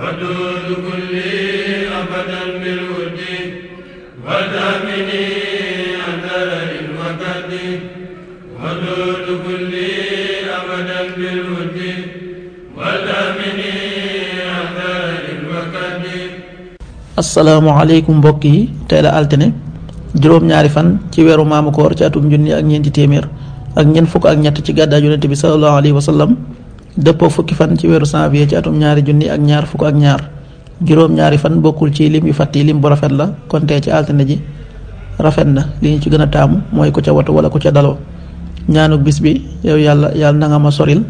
ودود كلي أبدا بالود وتأمني أثر الوقت ودود كلي أبدا بالود وتأمني أثر الوقت asalaamaaleykum mbokk yi tey la altine juróom-ñaari fan ci weeru maamu koor ci atum junni ak ñeenti téeméer ak ñeent fukk ak ñett ci gàddaay yonente bi sallallahu alayhi wa dëppoo fukki fan ci weeru janvier ci atum ñaari junni ak ñaar fukk ak ñaar juróom-ñaari fan bokkul ci lim yu fàtt yi lim bu rafet la kon ci altine ji rafet na li ñu ci gën a taamu mooy ku ca watu wala ku ca daloo ñaanu bis bi yow yàlla yàlla na nga ma soril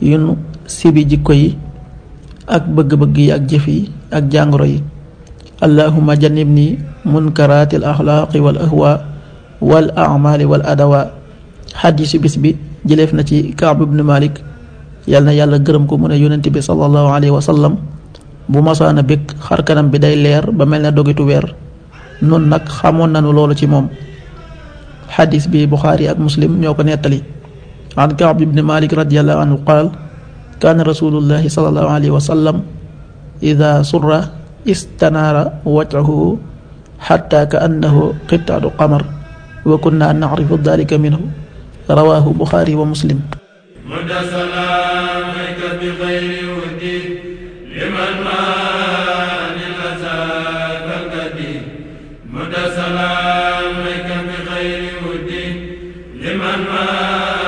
yun sibi jikko yi ak bëgg-bëgg yi ak jëf yi ak jàngoro yi allahuma janib ni munkaraati al wal ahwa wal amali wal adawa xadiisu bis bi jëleef na ci kaab ibnu malik yal na yàlla gërëm ko mu ne yonent bi sallallahu alayhi wa sallam bu masaana bég xar kanam bi day leer ba mel ne dogitu weer nun nag xamoon nañu loolu ci moom xadis bi buxaari ak muslim ñoo nettali an kaab ibni malik radiallahu anhu ida surra istanaara wajhuhu xatta ka annahu wa kunna nacrifu dalika minhu rawaahu buxaari wa muslim مد سلامك بغير ود لمن ما لغزاك القديم مد سلامك بغير ود لمن ما